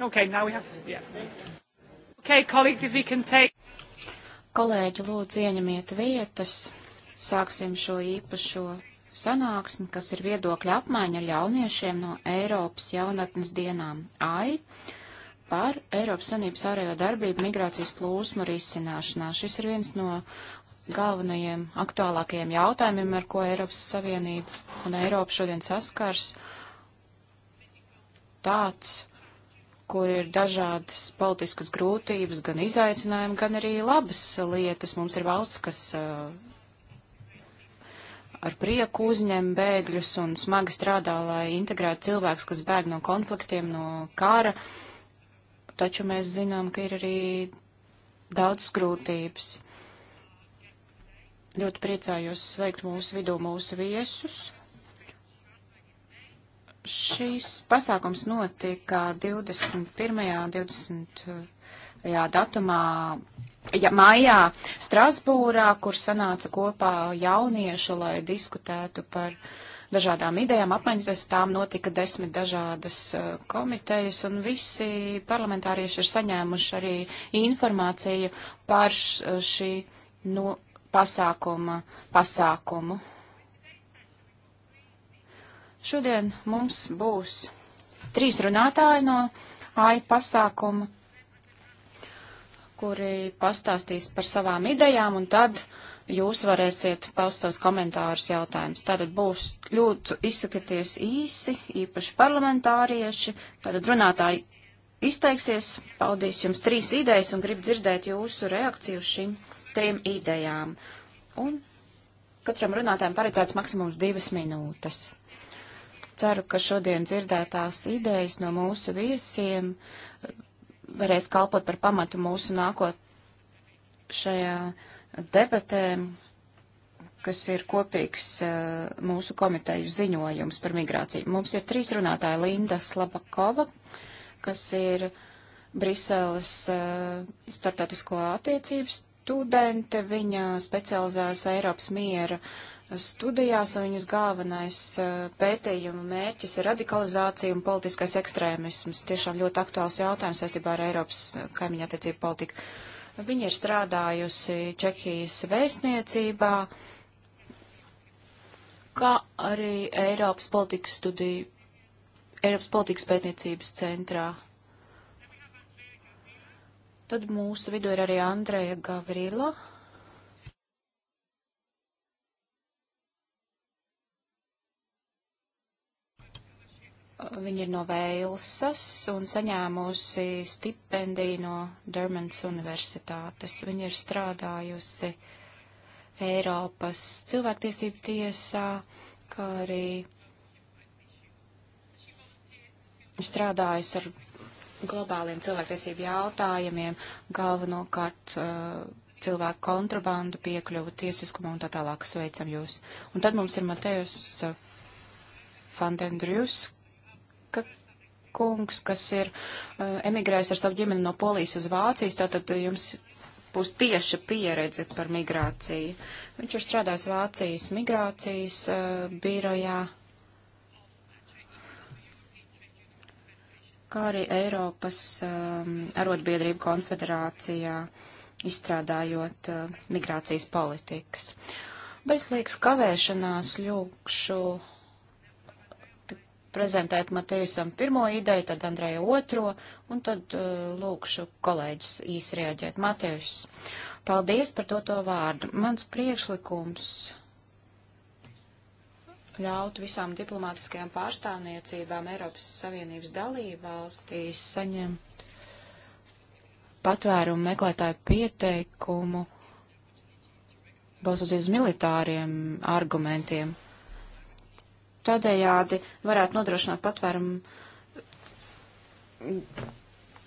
Okay, now we have to, yeah. Okay, colleagues, if we can take... Kolēģi, lūdzu, ieņemiet vietas. Sāksim šo īpašo sanāksmi, kas ir viedokļa apmaiņa ar jauniešiem no Eiropas jaunatnes dienām AI par Eiropas Sanības ārējo darbību migrācijas plūsmu risināšanā. Šis ir viens no galvenajiem aktuālākajiem jautājumiem, ar ko Eiropas Savienība un Eiropa šodien saskars. Tāds kur ir dažādas politiskas grūtības, gan izaicinājumi, gan arī labas lietas. Mums ir valsts, kas uh, ar prieku uzņem bēgļus un smagi strādā, lai integrētu cilvēks, kas bēg no konfliktiem, no kara. Taču mēs zinām, ka ir arī daudz grūtības. Ļoti priecājos sveikt mūsu vidū mūsu viesus. Šīs pasākums notika 21. 20. Jā, datumā ja, maijā Strasbūrā, kur sanāca kopā jaunieši, lai diskutētu par dažādām idejām. Apmaiņas tām notika desmit dažādas uh, komitejas, un visi parlamentārieši ir saņēmuši arī informāciju par šī no nu, pasākuma pasākumu. Šodien mums būs trīs runātāji no AI pasākuma, kuri pastāstīs par savām idejām, un tad jūs varēsiet paust savus komentārus jautājumus. Tātad būs ļoti izsakaties īsi, īpaši parlamentārieši, tātad runātāji izteiksies, paudīs jums trīs idejas un grib dzirdēt jūsu reakciju uz šīm trim idejām. Un katram runātājam paredzēts maksimums divas minūtes. Ceru, ka šodien dzirdētās idejas no mūsu viesiem varēs kalpot par pamatu mūsu nākotnējā debatēm, kas ir kopīgs eh, mūsu komiteju ziņojums par migrāciju. Mums ir trīs runātāji - Linda Slabakova, kas ir Briseles eh, startautisko attiecību studente. Viņa specializējas Eiropas miera uh, studijās, un viņas galvenais eh, pētījuma mērķis ir radikalizācija un politiskais ekstrēmisms. Tiešām ļoti aktuāls jautājums saistībā ar Eiropas eh, kaimiņa attiecību politiku. Viņa ir strādājusi Čehijas vēstniecībā, kā arī Eiropas politikas studiju, Eiropas politikas pētniecības centrā. Tad mūsu vidū ir arī Andreja Gavrila, viņa ir no Vēlsas un saņēmusi stipendiju no Dermans Universitātes. Viņa ir strādājusi Eiropas cilvēktiesību tiesā, kā arī strādājusi ar globāliem cilvēktiesību jautājumiem, galvenokārt uh, cilvēku kontrabandu, piekļuvu tiesiskumu un tā tālāk sveicam jūs. Un tad mums ir Matejus uh, Fandendrjus, ka kungs, kas ir uh, emigrējis ar savu ģimeni no Polijas uz Vācijas, tātad jums būs tieša pieredze par migrāciju. Viņš ir strādājis Vācijas migrācijas uh, birojā, kā arī Eiropas um, arotbiedrību konfederācijā, izstrādājot uh, migrācijas politikas. Bez liekas kavēšanās ļūkšu prezentēt Matejusam pirmo ideju, tad Andreja otro, un tad uh, lūkšu kolēģis īsi reaģēt. Matejus, paldies par to, to vārdu. Mans priekšlikums ļaut visām diplomātiskajām pārstāvniecībām Eiropas Savienības dalību valstīs saņemt patvērumu meklētāju pieteikumu balstoties uz militāriem argumentiem tādējādi varētu nodrošināt patvērumu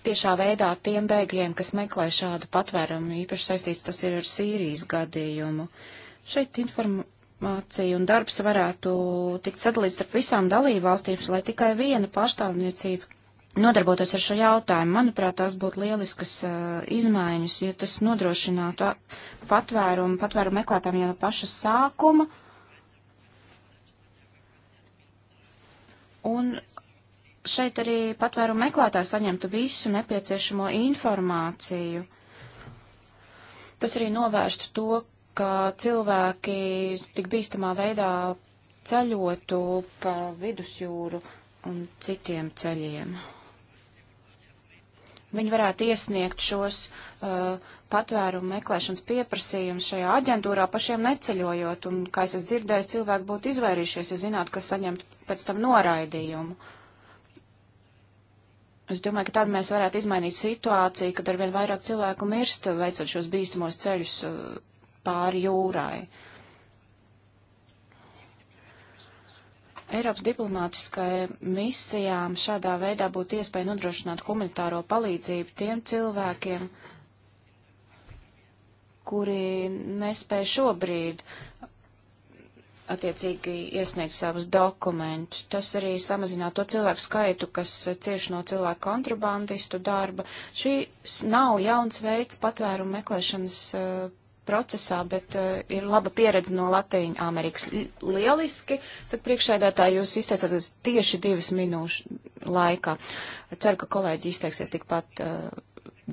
tiešā veidā tiem bēgļiem, kas meklē šādu patvērumu, īpaši saistīts tas ir ar Sīrijas gadījumu. Šeit informācija un darbs varētu tikt sadalīts ar visām dalībvalstīm, lai tikai viena pārstāvniecība nodarbotos ar šo jautājumu. Manuprāt, tās būtu lieliskas uh, izmaiņas, jo tas nodrošinātu patvērumu, patvērumu meklētājiem jau no paša sākuma Un šeit arī patvērumu meklētājs saņemtu visu nepieciešamo informāciju. Tas arī novērstu to, ka cilvēki tik bīstamā veidā ceļotu pa vidusjūru un citiem ceļiem. Viņi varētu iesniegt šos uh, patvērumu meklēšanas pieprasījums šajā aģentūrā pašiem neceļojot, un, kā es dzirdēju, cilvēki būtu izvairījušies, ja zinātu, ka saņemt pēc tam noraidījumu. Es domāju, ka tad mēs varētu izmainīt situāciju, kad arvien vairāk cilvēku mirst, veicot šos bīstamos ceļus uh, pāri jūrai. Eiropas diplomātiskai misijām šādā veidā būtu iespēja nodrošināt humanitāro palīdzību tiem cilvēkiem, uh, kuri nespēja šobrīd attiecīgi iesniegt savus dokumentus. Tas arī samazinātu to cilvēku skaitu, kas cieši no cilvēku kontrabandistu darba. Šis nav jauns veids patvērumu meklēšanas uh, procesā, bet uh, ir laba pieredze no Latīņa Amerikas. Lieliski, saka priekšēdētāji, jūs izteicāties tieši divas minūšu laikā. Ceru, ka kolēģi izteiksies tikpat uh,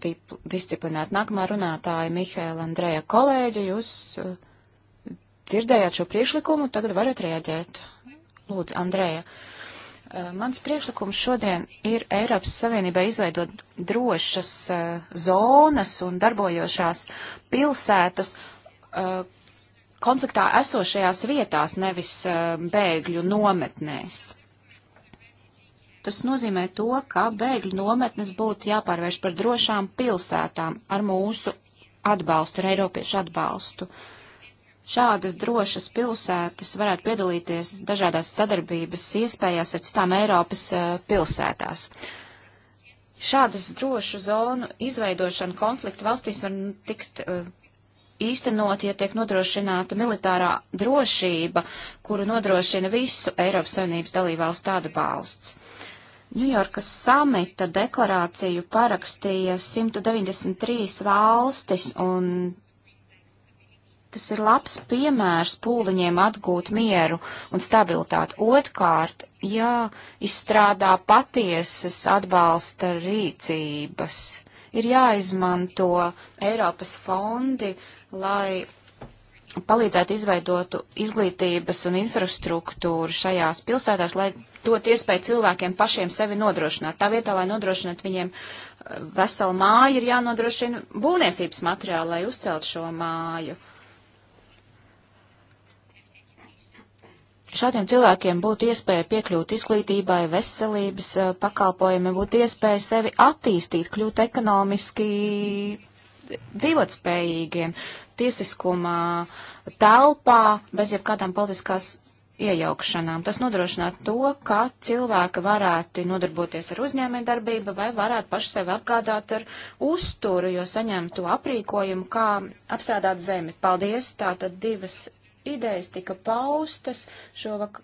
disciplinēt. Nākamā runātāja Mihēla Andreja kolēģi, jūs uh, dzirdējāt šo priekšlikumu, tagad varat rēģēt. Lūdzu, Andreja. Uh, mans priekšlikums šodien ir Eiropas Savienībai izveidot drošas uh, zonas un darbojošās pilsētas konfliktā esošajās vietās, nevis bēgļu nometnēs. Tas nozīmē to, ka bēgļu nometnes būtu jāpārvērš par drošām pilsētām ar mūsu atbalstu, ar Eiropiešu atbalstu. Šādas drošas pilsētas varētu piedalīties dažādās sadarbības iespējās ar citām Eiropas eh, pilsētās. Šādas drošu zonu izveidošana konfliktu valstīs var tikt eh, īstenot, ja tiek nodrošināta militārā drošība, kuru nodrošina visu Eiropas Savienības dalībvalstu atbalsts. Ņujorkas samita deklarāciju parakstīja 193 valstis, un tas ir labs piemērs pūliņiem atgūt mieru un stabilitāti. Otkārt, jāizstrādā patiesas atbalsta rīcības. Ir jāizmanto Eiropas fondi, lai palīdzētu izveidot izglītības un infrastruktūru šajās pilsētās, lai dot iespēju cilvēkiem pašiem sevi nodrošināt. Tā vietā, lai nodrošinātu viņiem eh, veselu māju, ir jānodrošina būvniecības materiāli, lai uzcelt šo māju. Šādiem cilvēkiem būtu iespēja piekļūt izglītībai, veselības eh, pakalpojumi, būtu iespēja sevi attīstīt, kļūt ekonomiski dzīvotspējīgiem tiesiskumā telpā bez jebkādām politiskās iejaukšanām. Tas nodrošinātu to, ka cilvēki varētu nodarboties ar uzņēmējdarbību vai varētu paši sevi apgādāt ar uzturu, jo saņemtu aprīkojumu, kā apstrādāt zemi. Paldies! Tātad divas idejas tika paustas. Šovak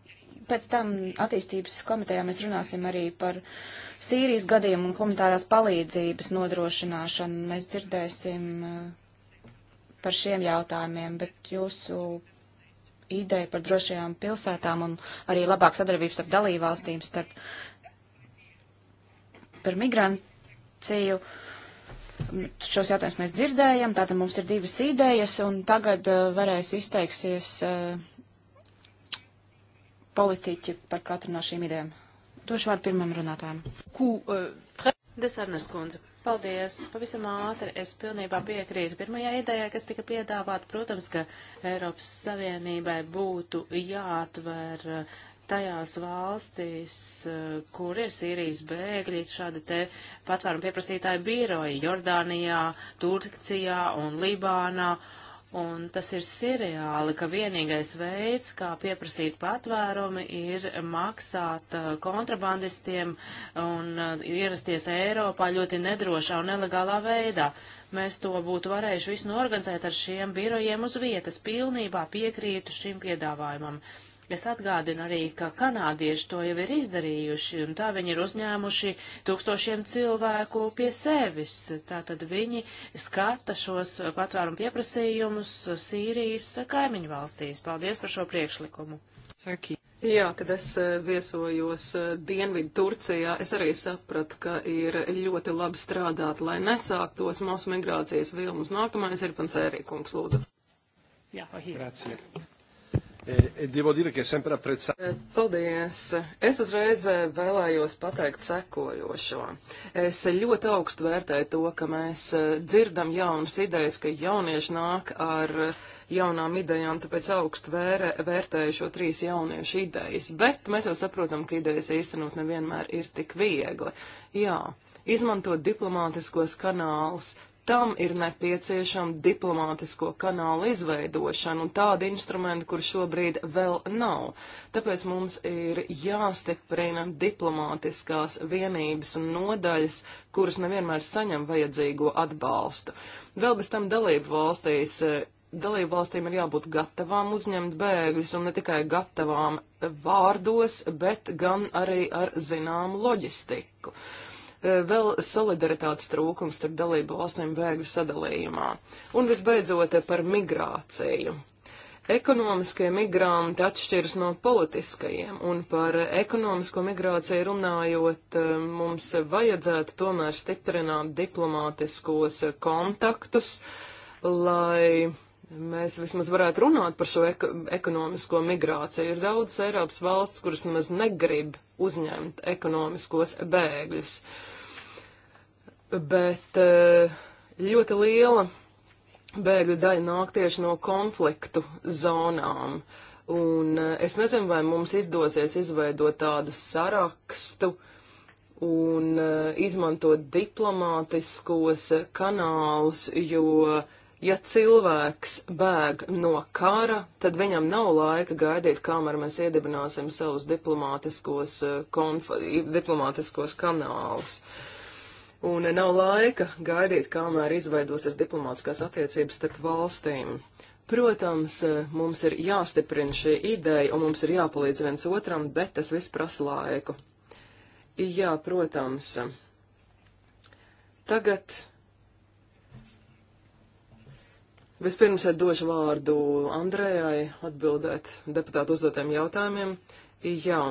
pēc tam attīstības komitejā mēs runāsim arī par Sīrijas gadījumu un humanitārās palīdzības nodrošināšanu. Mēs dzirdēsim. Uh, par šiem jautājumiem, bet jūsu ideja par drošajām pilsētām un arī labāk sadarbības starp dalībvalstīm, starp par migrāciju. Šos jautājumus mēs dzirdējam, tātad mums ir divas idejas, un tagad uh, varēs izteiksies uh, politiķi par katru no šīm idejām. Došu vārdu pirmam runātājam. Eh, Desarnes kundze. Paldies. Pavisam ātri es pilnībā piekrītu. Pirmajā idejā, kas tika piedāvāta, protams, ka Eiropas Savienībai būtu jāatver eh, tajās valstīs, eh, kur ir Sīrijas bēgļi, šādi te patvērumu pieprasītāju biroji Jordānijā, Turcijā un Libānā. Uh, Un tas ir seriāli, ka vienīgais veids, kā pieprasīt patvērumi, ir maksāt uh, kontrabandistiem un uh, ierasties Eiropā ļoti nedrošā un nelegālā veidā. Mēs to būtu varējuši visu norganizēt ar šiem birojiem uz vietas. Pilnībā piekrītu šim piedāvājumam. Es atgādinu arī, ka kanādieši to jau ir izdarījuši, un tā viņi ir uzņēmuši tūkstošiem cilvēku pie sevis. Tātad viņi skata šos patvērumu pieprasījumus Sīrijas kaimiņu valstīs. Paldies par šo priekšlikumu. Turkey. Jā, kad es eh, viesojos eh, Dienvidu Turcijā, es arī sapratu, ka ir ļoti labi strādāt, lai nesāktos mūsu migrācijas vilnas. Nākamais ir Pansērī kungs, lūdzu. Jā, Grazie. E, e devo dire che è sempre apprezzato. E, paldies! Es uzreiz vēlējos pateikt sekojošo. Es ļoti augstu vērtēju to, ka mēs dzirdam jaunas idejas, ka jaunieši nāk ar jaunām idejām, tāpēc augstu vērē, vērtēju šo trīs jauniešu idejas. Bet mēs jau saprotam, ka idejas īstenot nevienmēr ir tik viegli. Jā, izmantot diplomātiskos kanālus, tam ir nepieciešama diplomātisko kanālu izveidošana un tāda instrumenta, kur šobrīd vēl nav. Tāpēc mums ir jāstiprina diplomātiskās vienības un nodaļas, kuras nevienmēr saņem vajadzīgo atbalstu. Vēl bez tam dalību valstīs. Eh, dalību valstīm ir jābūt gatavām uzņemt bēgļus un ne tikai gatavām vārdos, bet gan arī ar zināmu loģistiku. Uh, E, vēl solidaritātes trūkums starp dalību valstīm bēgļu sadalījumā. Un visbeidzot e, par migrāciju. Ekonomiskie migranti atšķiras no politiskajiem, un par ekonomisko migrāciju runājot, e, mums vajadzētu tomēr stiprināt diplomātiskos kontaktus, lai mēs vismaz varētu runāt par šo eko, ekonomisko migrāciju. Ir daudz Eiropas valsts, kuras nemaz negrib uzņemt ekonomiskos bēgļus. Uh, bet e, ļoti liela bēgļu daļa nāk tieši no konfliktu zonām. Un e, es nezinu, vai mums izdosies izveidot tādu sarakstu un e, izmantot diplomātiskos kanālus, jo, ja cilvēks bēg no kara, tad viņam nav laika gaidīt, kamēr mēs iedibināsim savus diplomātiskos, konf diplomātiskos kanālus. Uh, un nav laika gaidīt, kamēr izveidosies diplomātskās attiecības starp valstīm. Protams, mums ir jāstiprina šī ideja, un mums ir jāpalīdz viens otram, bet tas viss prasa laiku. Jā, protams. Tagad vispirms došu vārdu Andrējai atbildēt deputātu uzdotiem jautājumiem. Jā.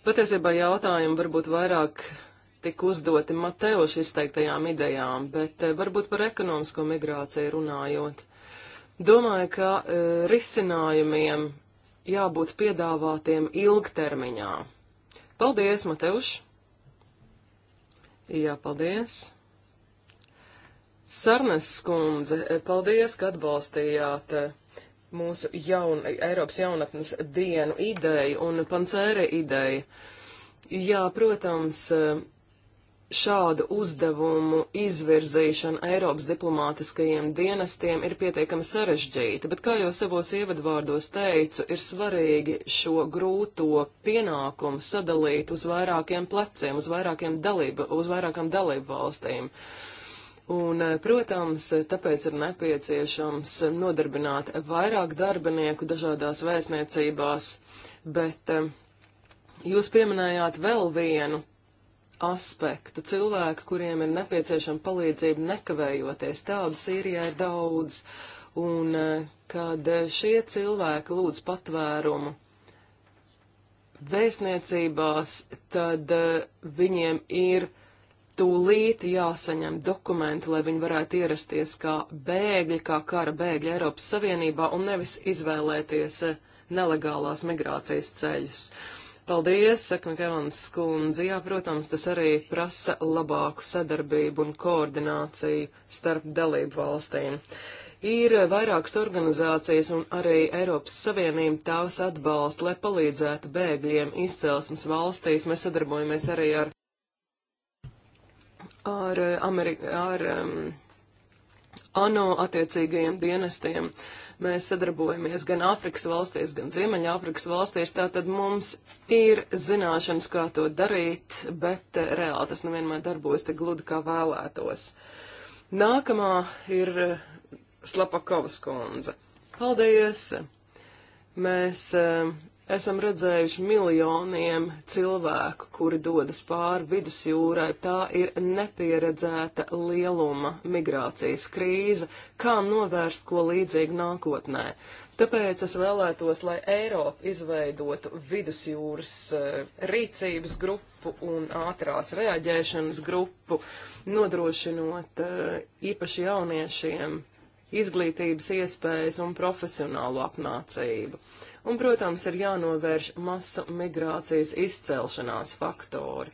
Patiesībā jautājumi varbūt vairāk tika uzdoti Mateoša izteiktajām idejām, bet eh, varbūt par ekonomisko migrāciju runājot. Domāju, ka e, risinājumiem jābūt piedāvātiem ilgtermiņā. Paldies, Mateuš! Jā, paldies! Sarnes skundze, eh, paldies, ka atbalstījāt mūsu jaun, Eiropas jaunatnes dienu ideju un pancēra ideju. Jā, protams, šādu uzdevumu izvirzīšana Eiropas diplomātiskajiem dienestiem ir pietiekami sarežģīta, bet, kā jau savos ievadvārdos teicu, ir svarīgi šo grūto pienākumu sadalīt uz vairākiem pleciem, uz vairākiem dalību, uz vairākām dalību valstīm. Uh, Un, eh, protams, tāpēc ir nepieciešams nodarbināt vairāk darbinieku dažādās vēstniecībās, bet eh, jūs pieminējāt vēl vienu aspektu cilvēku, kuriem ir nepieciešama palīdzība nekavējoties. Tādu Sīrijā ir daudz. Un eh, kad šie cilvēki lūdz patvērumu vēstniecībās, tad viņiem ir tūlīt jāsaņem dokumenti, lai viņi varētu ierasties kā bēgļi, kā kara bēgļi Eiropas Savienībā un nevis izvēlēties eh, nelegālās migrācijas ceļus. Paldies, saka Kevans Skundze. Jā, protams, tas arī prasa labāku sadarbību un koordināciju starp dalību valstīm. Ir vairākas organizācijas un arī Eiropas Savienība tās atbalsta, lai palīdzētu bēgļiem izcelsmes valstīs. Mēs sadarbojamies arī ar ar, eh, Ameri ar um, ANO attiecīgajiem dienestiem. Mēs sadarbojamies gan Āfrikas valstīs, gan Ziemeļāfrikas valstīs, tātad mums ir zināšanas, kā to darīt, bet eh, reāli tas nevienmēr darbojas tik gludi, kā vēlētos. Nākamā ir eh, Slapakovas kundze. Paldies! Mēs esam redzējuši miljoniem cilvēku, kuri dodas pāri vidusjūrai. Tā ir nepieredzēta lieluma migrācijas krīze. Kā novērst ko līdzīgu nākotnē? Tāpēc es vēlētos, lai Eiropa izveidotu vidusjūras eh, rīcības grupu un ātrās reaģēšanas grupu, nodrošinot eh, īpaši jauniešiem izglītības iespējas un profesionālu apmācību. Un, protams, ir jānovērš masu migrācijas izcelšanās faktori.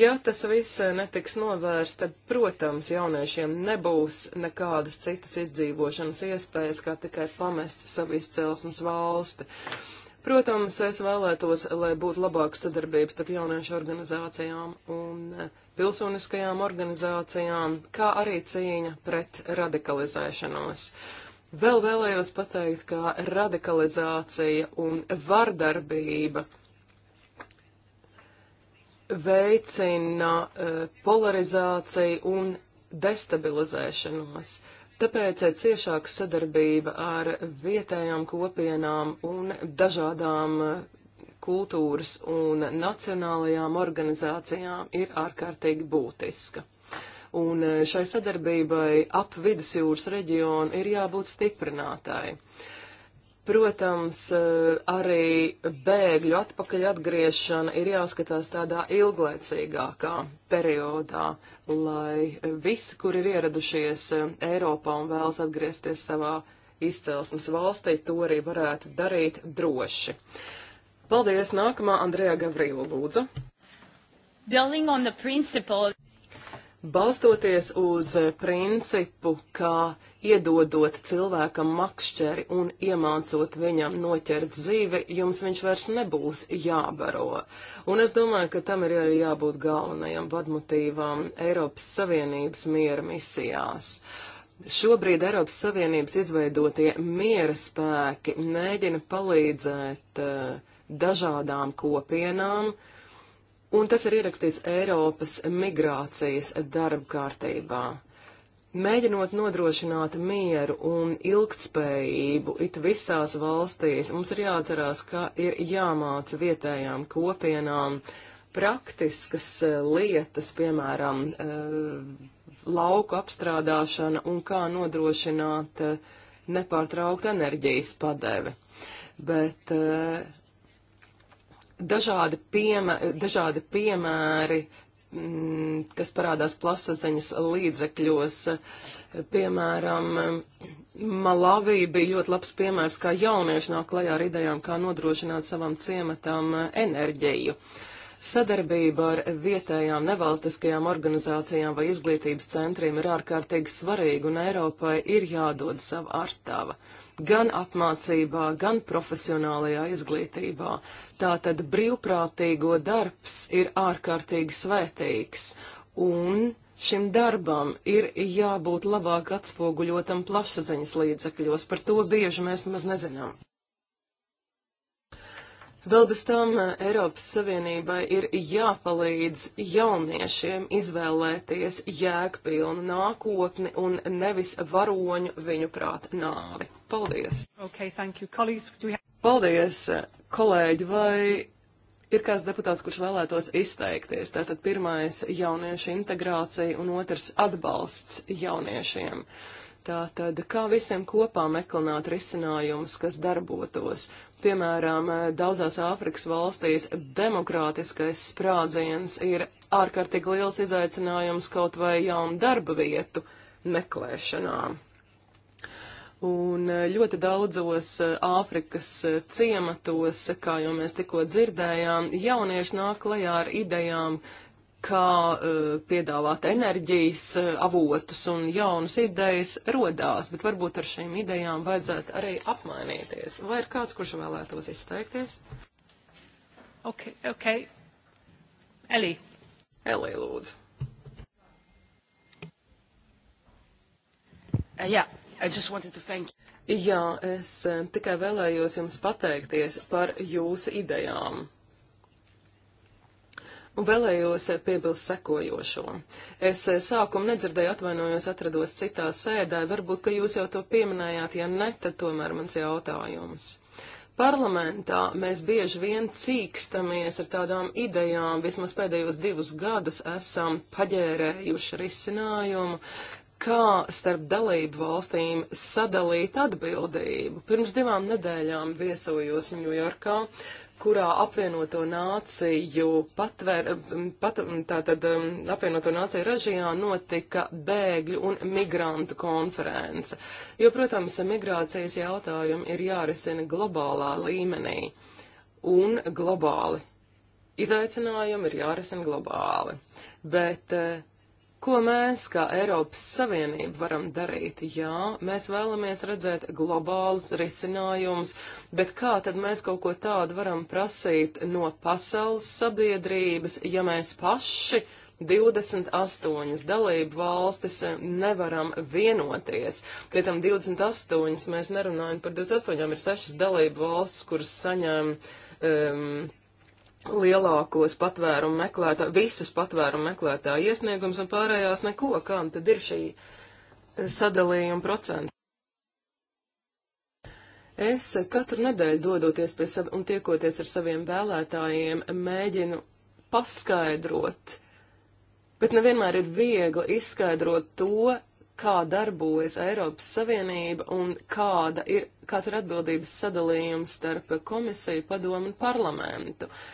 Ja tas viss netiks novērsts, tad, protams, jauniešiem nebūs nekādas citas izdzīvošanas iespējas, kā tikai pamest savu izcelsmes valsti. Uh, Protams, es vēlētos, lai būtu labāka sadarbības starp jauniešu organizācijām un eh, pilsoniskajām organizācijām, kā arī cīņa pret radikalizēšanos. Vēl vēlējos pateikt, ka radikalizācija un vardarbība veicina uh, polarizāciju un destabilizēšanos. Tāpēc ciešāka sadarbība ar vietējām kopienām un dažādām eh, kultūras un nacionālajām organizācijām ir ārkārtīgi būtiska. Un eh, šai sadarbībai ap vidusjūras reģionu ir jābūt stiprinātai. Uh, Protams, eh, arī bēgļu atpakaļ atgriešana ir jāskatās tādā ilglaicīgākā periodā, lai visi, kur ir ieradušies eh, Eiropā un vēlas atgriezties savā izcelsmes valstī, to arī varētu darīt droši. Paldies! Nākamā Andrejā Gavrīla lūdzu balstoties uz principu, ka iedodot cilvēkam makšķeri un iemācot viņam noķert dzīvi, jums viņš vairs nebūs jābaro. Un es domāju, ka tam ir arī jābūt galvenajam vadmotīvam Eiropas Savienības miera misijās. Šobrīd Eiropas Savienības izveidotie miera spēki mēģina palīdzēt uh, dažādām kopienām, uh, Un tas ir ierakstīts Eiropas migrācijas darba kārtībā. Mēģinot nodrošināt mieru un ilgtspējību it visās valstīs, mums ir jāatcerās, ka ir jāmāca vietējām kopienām praktiskas eh, lietas, piemēram, eh, lauku apstrādāšana un kā nodrošināt eh, nepārtraukt enerģijas padevi. Bet dažādi, piemē, dažādi piemēri, m, mm, kas parādās plašsaziņas līdzekļos. Piemēram, Malavī bija ļoti labs piemērs, kā jaunieši nāk klajā ar idejām, kā nodrošināt savam ciematam enerģiju. Uh, Sadarbība ar vietējām nevalstiskajām organizācijām vai izglītības centriem ir ārkārtīgi svarīga, un Eiropai ir jādod sava artava gan apmācībā, gan profesionālajā izglītībā. Tātad brīvprātīgo darbs ir ārkārtīgi svētīgs, un šim darbam ir jābūt labāk atspoguļotam plašsaziņas līdzekļos, par to bieži mēs maz nezinām. Vēl bez tam eh, Eiropas Savienībai ir jāpalīdz jauniešiem izvēlēties jēgpilnu nākotni un nevis varoņu viņu prāt nāvi. Paldies! Okay, thank you. Colleagues, do we have... Paldies, eh, kolēģi, vai ir kāds deputāts, kurš vēlētos izteikties? Tātad pirmais jauniešu integrācija un otrs atbalsts jauniešiem. Uh, Tātad, kā visiem kopā meklināt risinājumus, kas darbotos? Piemēram, daudzās Āfrikas valstīs demokrātiskais sprādziens ir ārkārtīgi liels izaicinājums kaut vai jaunu darba vietu meklēšanā. Un eh, ļoti daudzos eh, Āfrikas eh, ciematos, kā jau mēs tikko dzirdējām, jaunieši nāk klajā ar idejām, kā uh, piedāvāt enerģijas uh, avotus un jaunas idejas rodās, bet varbūt ar šīm idejām vajadzētu arī apmainīties. Vai ir kāds, kurš vēlētos izteikties? Ok, ok. Elī. Elī, lūdzu. Uh, yeah, I just wanted to thank you. Jā, es e, tikai vēlējos jums pateikties par jūsu idejām un vēlējos piebilst sekojošo. Es eh, sākumu nedzirdēju, atvainojos, atrados citā sēdē, varbūt, ka jūs jau to pieminējāt, ja ne, tad tomēr mans jautājums. Parlamentā mēs bieži vien cīkstamies ar tādām idejām, vismaz pēdējos divus gadus esam paģērējuši risinājumu, kā starp dalību valstīm sadalīt atbildību. Pirms divām nedēļām viesojos Ņujorkā, kurā apvienoto nāciju patver, pat, tātad um, apvienoto nāciju režijā notika bēgļu un migrantu konference. Jo, protams, migrācijas jautājumi ir jārisina globālā līmenī un globāli. Izaicinājumi ir jārisina globāli, bet eh, Ko mēs, kā Eiropas Savienība, varam darīt? Jā, mēs vēlamies redzēt globālus risinājumus, bet kā tad mēs kaut ko tādu varam prasīt no pasaules sabiedrības, ja mēs paši 28 dalību valstis nevaram vienoties? Pie tam 28 mēs nerunājam par 28, ir 6 dalību valstis, kuras saņem. Um, lielākos patvērumu meklētāju, visus patvērumu meklētāju iesniegums un pārējās neko, kam tad ir šī sadalījuma procents. Es katru nedēļu dodoties pie savi un tiekoties ar saviem vēlētājiem, mēģinu paskaidrot, bet nevienmēr ir viegli izskaidrot to, kā darbojas Eiropas Savienība un kāda ir, kāds ir atbildības sadalījums starp komisiju, padomu un parlamentu. Uh,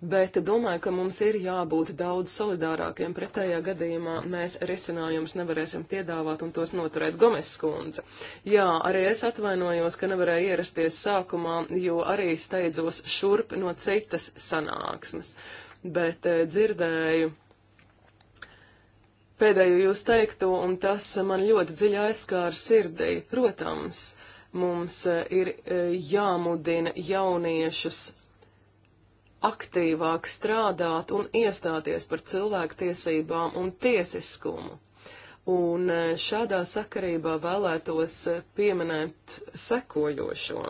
bet domāju, ka mums ir jābūt daudz solidārākiem. Pretējā gadījumā mēs risinājumus nevarēsim piedāvāt un tos noturēt Gomes skundze. Jā, arī es atvainojos, ka nevarēju ierasties sākumā, jo arī steidzos šurp no citas sanāksmes, bet eh, dzirdēju pēdējo jūs teikto, un tas man ļoti dziļi aizskāra sirdī. Protams, mums eh, ir eh, jāmudina jauniešus aktīvāk strādāt un iestāties par cilvēktiesībām un tiesiskumu. Un e, šādā sakarībā vēlētos e, pieminēt sekojošo.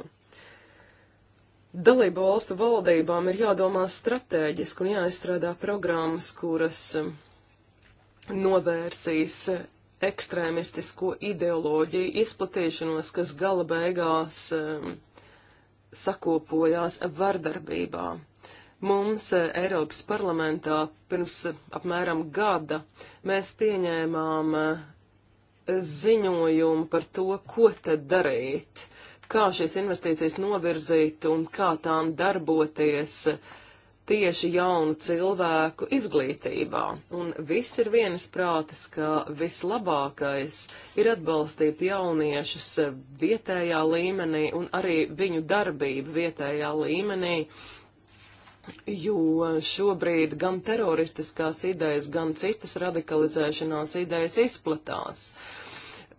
Dalību valstu valdībām ir jādomā strateģiski un jāizstrādā programmas, kuras e, novērsīs ekstrēmistisko ideoloģiju izplatīšanos, kas gala beigās um, sakopojās vardarbībā. Mums eh, Eiropas parlamentā pirms eh, apmēram gada mēs pieņēmām eh, ziņojumu par to, ko tad darīt, kā šīs investīcijas novirzīt un kā tām darboties tieši jaunu cilvēku izglītībā. Un viss ir vienas prātas, ka vislabākais ir atbalstīt jauniešus vietējā līmenī un arī viņu darbību vietējā līmenī. Uh, jo šobrīd gan teroristiskās idejas, gan citas radikalizēšanās idejas izplatās.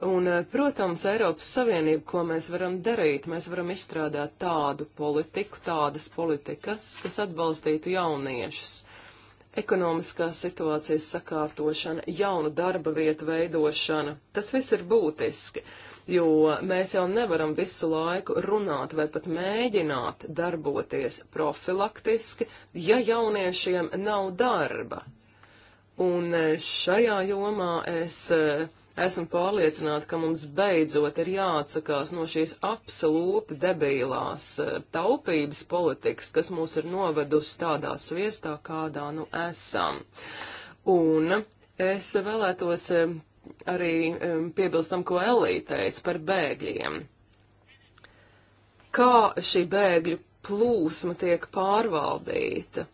Un, eh, protams, Eiropas Savienība, ko mēs varam darīt, mēs varam izstrādāt tādu politiku, tādas politikas, kas atbalstītu jauniešus. Ekonomiskās situācijas sakārtošana, jaunu darba vietu veidošana, tas viss ir būtiski jo mēs jau nevaram visu laiku runāt vai pat mēģināt darboties profilaktiski, ja jauniešiem nav darba. Un e, šajā jomā es e, esmu pārliecināta, ka mums beidzot ir jāatsakās no šīs absolūti debilās e, taupības politikas, kas mūs ir novedusi tādā sviestā, kādā nu esam. Un es vēlētos arī um, piebilstam, ko Elīte teica par bēgļiem. Kā šī bēgļu plūsma tiek pārvaldīta?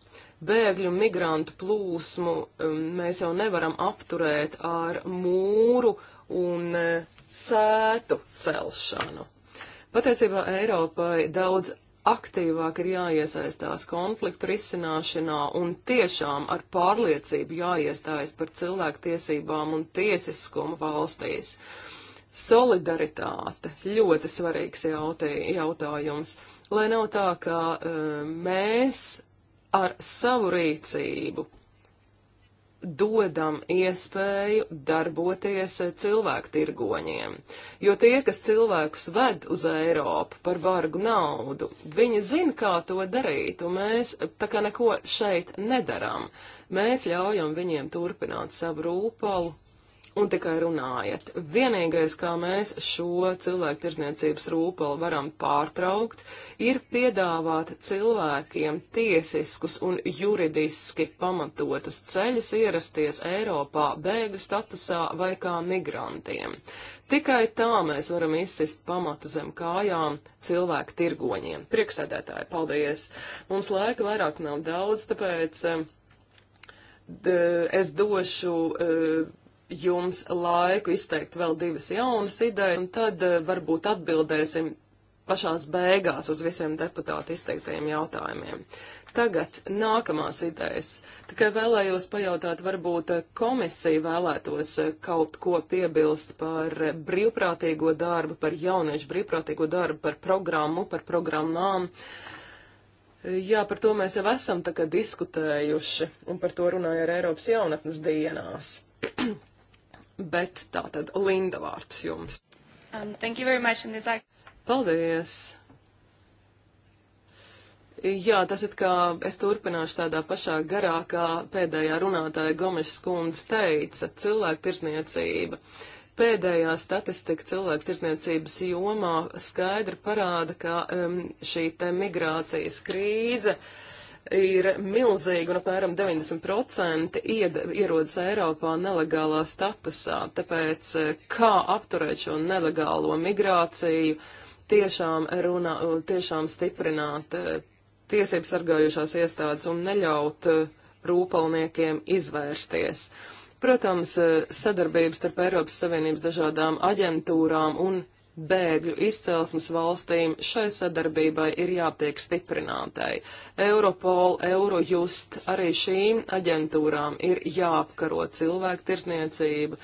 Bēgļu migrantu plūsmu um, mēs jau nevaram apturēt ar mūru un uh, sētu celšanu. Patiesībā Eiropai daudz aktīvāk ir jāiesaistās konfliktu risināšanā un tiešām ar pārliecību jāiestājas par cilvēktiesībām un tiesiskumu valstīs. Solidaritāte ļoti svarīgs jautī, jautājums, lai nav tā, ka uh, mēs ar savu rīcību dodam iespēju darboties cilvēku tirgoņiem, jo tie, kas cilvēkus ved uz Eiropu par bargu naudu, viņi zina, kā to darīt, un mēs tā kā neko šeit nedaram. Mēs ļaujam viņiem turpināt savu rūpalu un tikai runājat. Vienīgais, kā mēs šo cilvēku tirzniecības rūpeli varam pārtraukt, ir piedāvāt cilvēkiem tiesiskus un juridiski pamatotus ceļus ierasties Eiropā bēgļu statusā vai kā migrantiem. Tikai tā mēs varam izsist pamatu zem kājām cilvēku tirgoņiem. Priekšsēdētāji, paldies! Mums laika vairāk nav daudz, tāpēc. Eh, d, es došu uh, jums laiku izteikt vēl divas jaunas idejas, un tad eh, varbūt atbildēsim pašās beigās uz visiem deputātu izteiktajiem jautājumiem. Tagad nākamās idejas. Tikai vēlējos pajautāt, varbūt eh, komisija vēlētos eh, kaut ko piebilst par brīvprātīgo darbu, par jauniešu brīvprātīgo darbu, par programmu, par programmām. Jā, par to mēs jau esam tā kā diskutējuši, un par to runāja ar Eiropas jaunatnes dienās. bet tā tad Linda vārds jums. Um, thank you very much. And this I... Paldies! Jā, tas ir kā es turpināšu tādā pašā garā, kā pēdējā runātāja Gomešs kundze teica - cilvēku tirsniecība. Pēdējā statistika cilvēku tirsniecības jomā skaidri parāda, ka um, šī te migrācijas krīze uh, ir milzīga un apmēram 90% ied, ierodas Eiropā nelegālā statusā. Tāpēc eh, kā apturēt šo nelegālo migrāciju, tiešām, runā, tiešām stiprināt eh, tiesības sargājušās iestādes un neļaut eh, rūpalniekiem izvērsties. Protams, sadarbības starp Eiropas Savienības dažādām aģentūrām un bēgļu izcelsmes valstīm, šai sadarbībai ir jātiek stiprinātai. Europol, Eurojust, arī šīm aģentūrām ir jāapkaro cilvēku tirzniecību.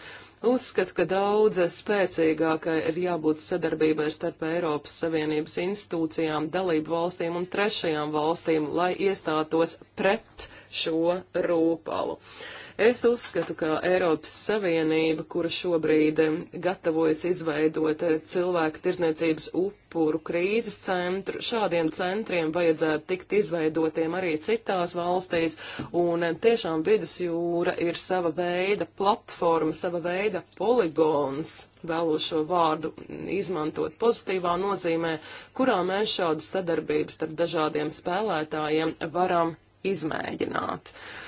Uzskatu, ka daudz spēcīgākai ir jābūt sadarbībai starp Eiropas Savienības institūcijām, dalību valstīm un trešajām valstīm, lai iestātos pret šo rūpalu. Uh, Es uzskatu, ka Eiropas Savienība, kura šobrīd gatavojas izveidot eh, cilvēku tirzniecības upuru krīzes centru, šādiem centriem vajadzētu tikt izveidotiem arī citās valstīs, un eh, tiešām vidusjūra ir sava veida platforma, sava veida poligons vēlos šo vārdu mm, izmantot pozitīvā nozīmē, kurā mēs šādu sadarbību starp dažādiem spēlētājiem varam izmēģināt. Uh,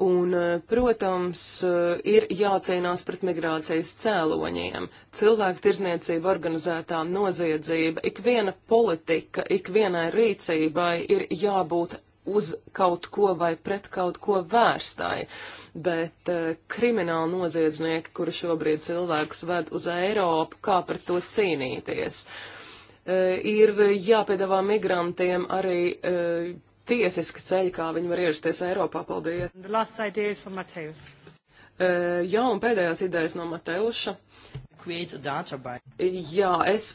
Un, eh, protams, eh, ir jācīnās pret migrācijas cēloņiem. Cilvēku tirzniecība, organizētā noziedzība, ikviena politika, ikvienai rīcībai ir jābūt uz kaut ko vai pret kaut ko vērstāji, bet uh, krimināli noziedznieki, kuri šobrīd cilvēkus ved uz Eiropu, kā par to cīnīties. Uh, ir jāpiedāvā migrantiem arī uh, tiesiski ceļi, kā viņi var ierasties Eiropā. Paldies! Uh, jā, un pēdējās idejas no Mateuša. Jā, es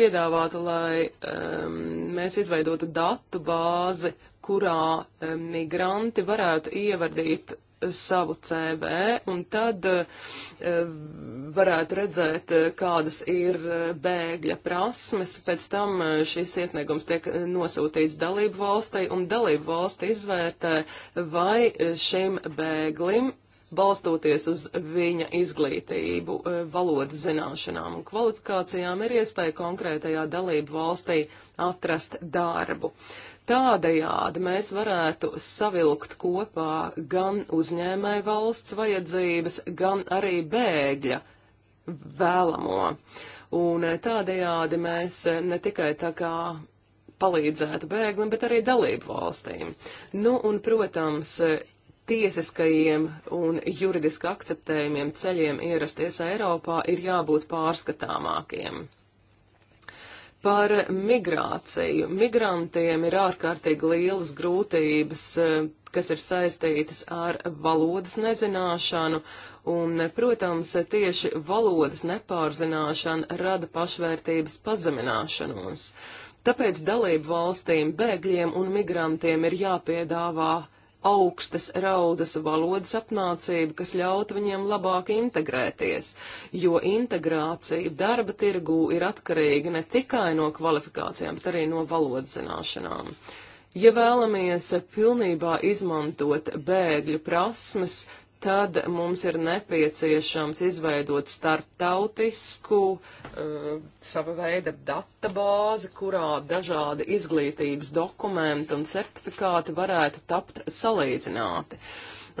piedāvātu, lai um, mēs izveidotu datu bāzi, kurā um, migranti varētu ievadīt savu CV, un tad eh, varētu redzēt, eh, kādas ir eh, bēgļa prasmes. Pēc tam šis iesniegums tiek nosūtīts dalību valstī, un dalību valsti izvērtē, vai šim bēglim balstoties uz viņa izglītību, valodas zināšanām un kvalifikācijām, ir iespēja konkrētajā dalību valstī atrast darbu. Uh, Tādējādi mēs varētu savilkt kopā gan uzņēmēju valsts vajadzības, gan arī bēgļa vēlamo. Un tādējādi mēs ne tikai tā kā palīdzētu bēglim, bet arī dalību valstīm. Nu, un, protams, tiesiskajiem un juridiski akceptējumiem ceļiem ierasties Eiropā ir jābūt pārskatāmākiem. Par migrāciju. Migrantiem ir ārkārtīgi lielas grūtības, e, kas ir saistītas ar valodas nezināšanu, un, protams, tieši valodas nepārzināšana rada pašvērtības pazemināšanos. Tāpēc dalību valstīm, bēgļiem un migrantiem ir jāpiedāvā augstas raudzes valodas apmācību, kas ļautu viņiem labāk integrēties, jo integrācija darba tirgū ir atkarīga ne tikai no kvalifikācijām, bet arī no valodas zināšanām. Ja vēlamies pilnībā izmantot bēgļu prasmes, tad mums ir nepieciešams izveidot starptautisku uh, sava veida databāzi, kurā dažādi izglītības dokumenti un certifikāti varētu tapt salīdzināti.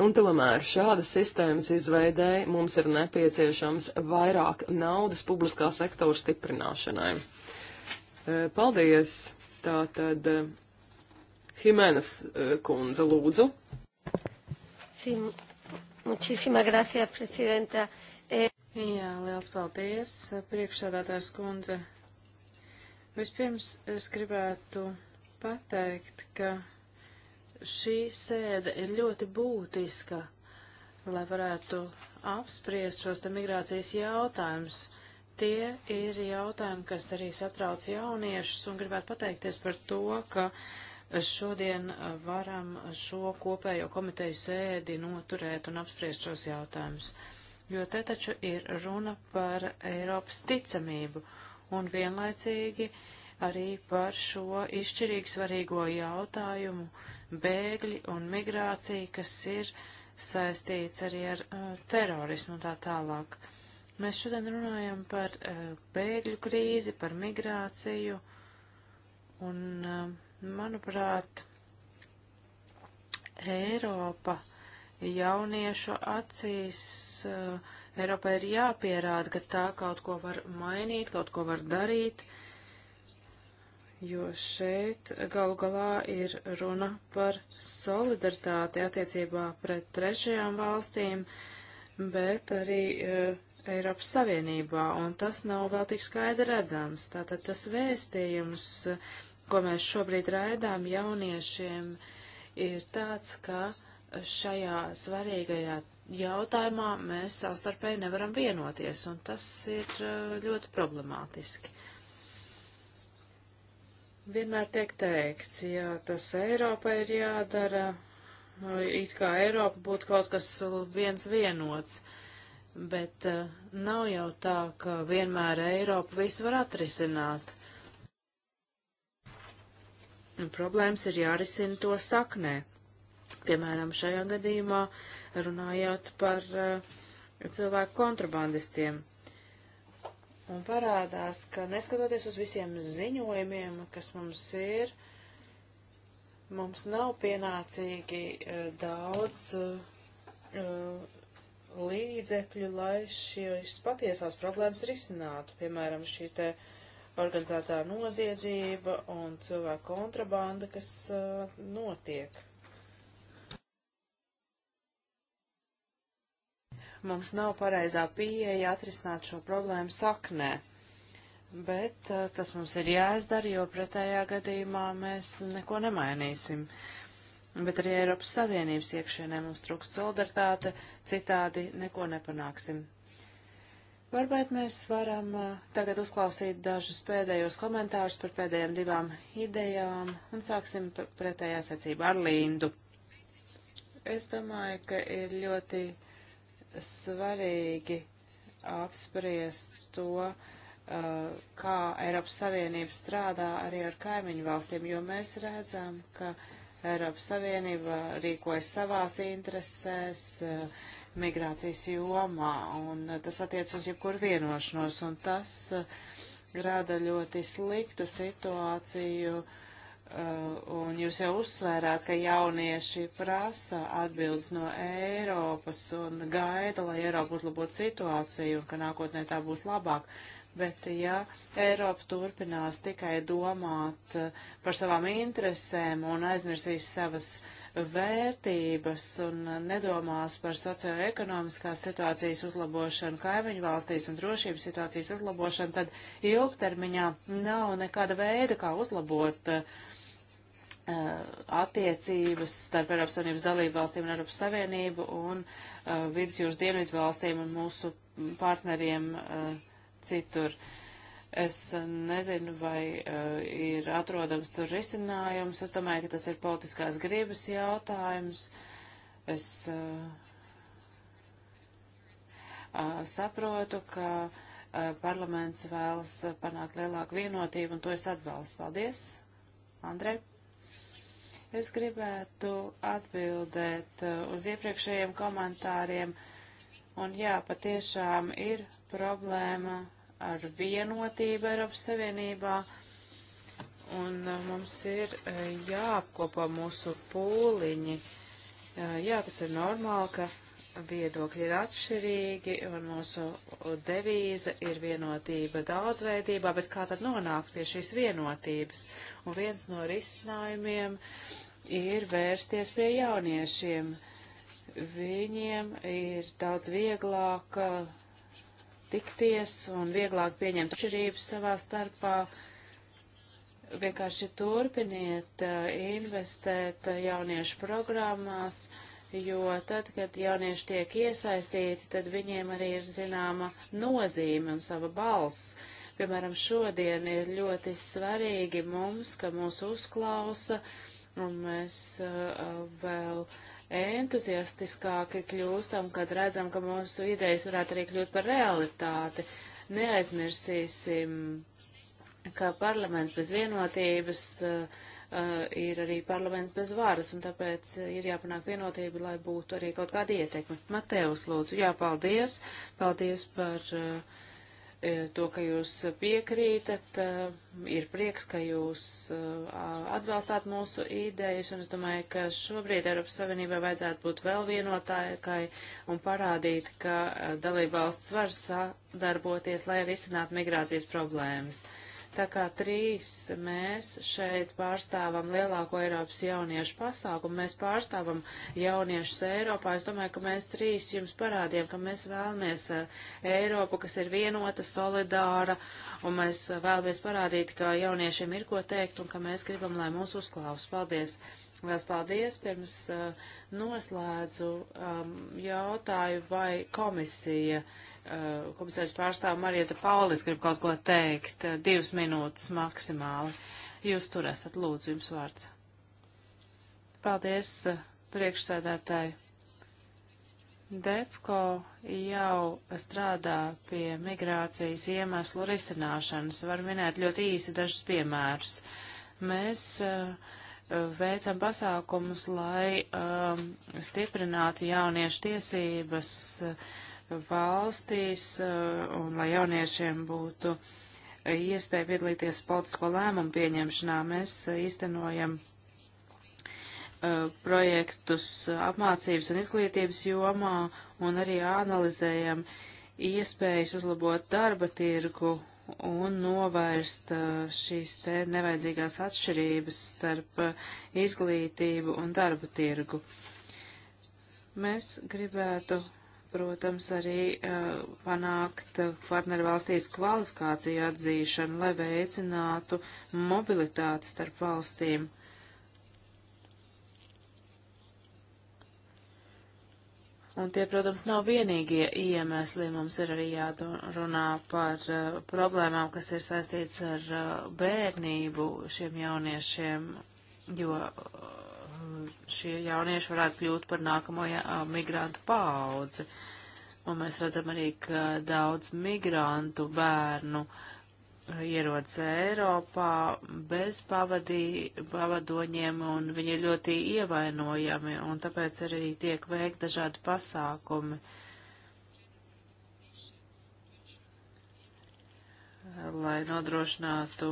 Un tomēr šādas sistēmas izveidēji mums ir nepieciešams vairāk naudas publiskā sektora stiprināšanai. Uh, paldies! Tātad uh, eh, Himenes kundze lūdzu. Sim, Muchísimas gracias, presidenta. E... Jā, liels paldies, priekšsādātājs kundze. Vispirms es gribētu pateikt, ka šī sēde ir ļoti būtiska, lai varētu apspriest šos te migrācijas jautājumus. Tie ir jautājumi, kas arī satrauc jauniešus un gribētu pateikties par to, ka uh, šodien eh, varam šo kopējo komiteju sēdi noturēt un apspriest šos jautājumus. Jo te taču ir runa par Eiropas ticamību un vienlaicīgi arī par šo izšķirīgi svarīgo jautājumu bēgļi un migrācija, kas ir saistīts arī ar uh, terorismu un tā tālāk. Mēs šodien runājam par uh, bēgļu krīzi, par migrāciju un uh, Manuprāt, Eiropa jauniešu acīs, eh, Eiropa ir jāpierāda, ka tā kaut ko var mainīt, kaut ko var darīt, jo šeit galu galā ir runa par solidaritāti attiecībā pret trešajām valstīm, bet arī uh, Eiropas Savienībā, un tas nav vēl tik skaidri redzams. Tātad tas vēstījums ko mēs šobrīd raidām jauniešiem, ir tāds, ka šajā svarīgajā jautājumā mēs savstarpēji nevaram vienoties, un tas ir uh, ļoti problemātiski. Vienmēr tiek teikts, ja tas Eiropai ir jādara, nu, it kā Eiropa būtu kaut kas viens vienots, bet uh, nav jau tā, ka vienmēr Eiropa visu var atrisināt. Un problēmas ir jārisina to saknē. Piemēram, šajā gadījumā runājot par uh, cilvēku kontrabandistiem. Un parādās, ka neskatoties uz visiem ziņojumiem, kas mums ir, mums nav pienācīgi uh, daudz uh, līdzekļu, lai šīs patiesās problēmas risinātu. Piemēram, šī te uh, organizētā noziedzība un cilvēku kontrabanda, kas uh, notiek. Mums nav pareizā pieeja atrisināt šo problēmu saknē, bet uh, tas mums ir jāizdara, jo pretējā gadījumā mēs neko nemainīsim. Bet arī Eiropas Savienības iekšienē mums trūkst solidaritāte, citādi neko nepanāksim. Varbūt mēs varam tagad uzklausīt dažus pēdējos komentārus par pēdējām divām idejām un sāksim pretējā secībā ar Lindu. Es domāju, ka ir ļoti svarīgi apspriest to, kā Eiropas Savienība strādā arī ar kaimiņu valstīm, jo mēs redzam, ka Eiropas Savienība rīkojas savās interesēs, uh, migrācijas jomā, un uh, tas attiec uz jebkuru vienošanos, un tas uh, rada ļoti sliktu situāciju, uh, un jūs jau uzsvērāt, ka jaunieši prasa atbildes no Eiropas un gaida, lai Eiropa uzlabotu situāciju, un ka nākotnē tā būs labāk bet ja Eiropa turpinās tikai domāt eh, par savām interesēm un aizmirsīs savas vērtības un eh, nedomās par socioekonomiskās situācijas uzlabošanu kaimiņu valstīs un drošības situācijas uzlabošanu, tad ilgtermiņā nav nekāda veida, kā uzlabot uh, attiecības starp Eiropas Savienības dalību valstīm un Eiropas Savienību un uh, vidusjūras dienvidu valstīm un mūsu partneriem uh, citur. Es nezinu, vai uh, ir atrodams tur risinājums. Es domāju, ka tas ir politiskās gribas jautājums. Es uh, uh, saprotu, ka uh, parlaments vēlas panākt lielāku vienotību, un to es atbalstu. Paldies, Andrej! Es gribētu atbildēt uz iepriekšējiem komentāriem. Un jā, patiešām ir problēma ar vienotību Eiropas Savienībā, un uh, mums ir uh, jāapkopo mūsu pūliņi. Uh, jā, tas ir normāli, ka viedokļi ir atšķirīgi, un mūsu devīze ir vienotība daudzveidībā, bet kā tad nonākt pie šīs vienotības? Un viens no risinājumiem ir vērsties pie jauniešiem viņiem ir daudz vieglāk tikties un vieglāk pieņemt atšķirības savā starpā. Vienkārši turpiniet eh, investēt eh, jauniešu programmās, jo tad, kad jaunieši tiek iesaistīti, tad viņiem arī ir zināma nozīme un sava balss. Piemēram, šodien ir ļoti svarīgi mums, ka mūs uzklausa uh, un mēs uh, vēl entuziastiskāki kļūstam, kad redzam, ka mūsu idejas varētu arī kļūt par realitāti. Neaizmirsīsim, ka parlaments bez vienotības uh, uh, ir arī parlaments bez varas, un tāpēc ir jāpanāk vienotība, lai būtu arī kaut kāda ietekme. Mateus, lūdzu, jā, paldies. Paldies par. Uh, to, ka jūs piekrītat. Eh, ir prieks, ka jūs eh, atbalstāt mūsu idejas, un es domāju, ka šobrīd Eiropas Savienībai vajadzētu būt vēl vienotākai un parādīt, ka eh, dalībvalsts var sadarboties, lai risinātu migrācijas problēmas. Uh, Tā kā trīs mēs šeit pārstāvam lielāko Eiropas jauniešu pasākumu, mēs pārstāvam jauniešus Eiropā. Es domāju, ka mēs trīs jums parādījām, ka mēs vēlamies eh, Eiropu, kas ir vienota, solidāra, un mēs vēlamies parādīt, ka jauniešiem ir ko teikt un ka mēs gribam, lai mūs uzklaus. Paldies! Lielas paldies! Pirms uh, noslēdzu um, jautāju, vai komisija, uh, komisārs pārstāv Marieta Paulis grib kaut ko teikt, uh, divas minūtes maksimāli. Jūs tur esat, lūdzu, jums vārds. Paldies, uh, priekšsēdētāji. DEPCO jau strādā pie migrācijas iemeslu risināšanas. Var minēt ļoti īsi dažus piemērus. Mēs uh, veicam pasākumus, lai um, stiprinātu jauniešu tiesības uh, valstīs uh, un lai jauniešiem būtu iespēja piedalīties politisko lēmumu pieņemšanā. Mēs uh, īstenojam uh, projektus apmācības un izglītības jomā un arī analizējam iespējas uzlabot darba tirgu un novērst uh, šīs te nevajadzīgās atšķirības starp uh, izglītību un darba tirgu. Mēs gribētu, protams, arī uh, panākt partneru valstīs kvalifikāciju atzīšanu, lai veicinātu mobilitāti starp valstīm. Un tie, protams, nav vienīgie iemesli. Mums ir arī jārunā par uh, problēmām, kas ir saistīts ar uh, bērnību šiem jauniešiem, jo uh, šie jaunieši varētu kļūt par nākamo ja, uh, migrantu paudzi. Un mēs redzam arī, ka daudz migrantu bērnu uh, ierodas Eiropā bez pavadī, pavadoņiem, un viņi ir ļoti ievainojami, un tāpēc arī tiek veikt dažādi pasākumi, lai nodrošinātu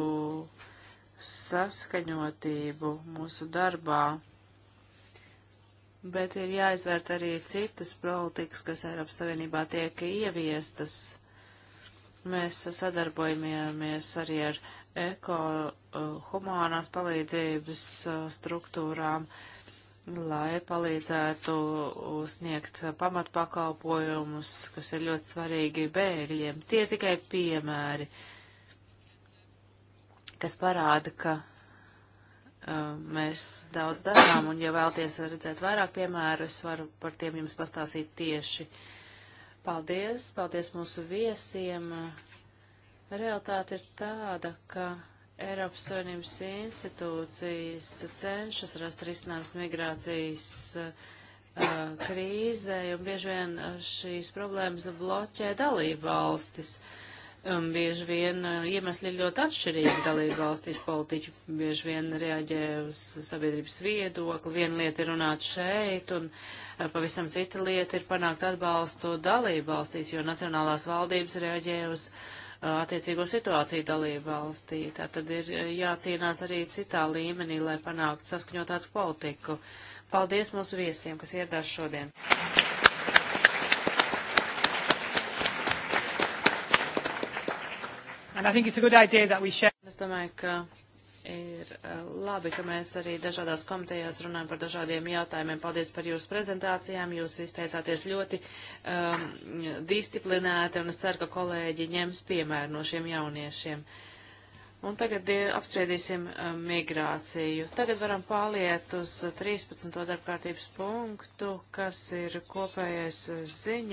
saskaņotību mūsu darbā. Bet ir jāizvērt arī citas politikas, kas Eiropas Savienībā tiek ieviestas Mēs sadarbojamies arī ar eko uh, humānās palīdzības uh, struktūrām, lai palīdzētu sniegt pamatpakalpojumus, kas ir ļoti svarīgi bēgļiem. Tie ir tikai piemēri, kas parāda, ka uh, mēs daudz darām, un ja vēlties redzēt vairāk piemēru, es varu par tiem jums pastāstīt tieši. Uh, Paldies, paldies mūsu viesiem. Realtāte ir tāda, ka Eiropas Savienības institūcijas cenšas rast risinājums migrācijas uh, krīzē, un bieži vien šīs problēmas bloķē dalību valstis. Uh, Um, bieži vien uh, iemesli ir ļoti atšķirīgi dalību valstīs politiķi, bieži vien reaģē uz sabiedrības viedokli, viena lieta ir runāt šeit, un uh, pavisam cita lieta ir panākt atbalstu dalību valstīs, jo nacionālās valdības reaģē uz uh, attiecīgo situāciju dalību valstī. Tā tad ir uh, jācīnās arī citā līmenī, lai panāktu saskaņotātu politiku. Paldies mūsu viesiem, kas ieradās šodien. Es domāju, ka ir eh, labi, ka mēs arī dažādās komitejās runājam par dažādiem jautājumiem. Paldies par jūsu prezentācijām. Jūs izteicāties ļoti um, disciplinēti, un es ceru, ka kolēģi ņems piemēru no šiem jauniešiem. Un tagad eh, apspriedīsim um, migrāciju. Tagad varam pāriet uz 13. darbkārtības punktu, kas ir kopējais ziņu.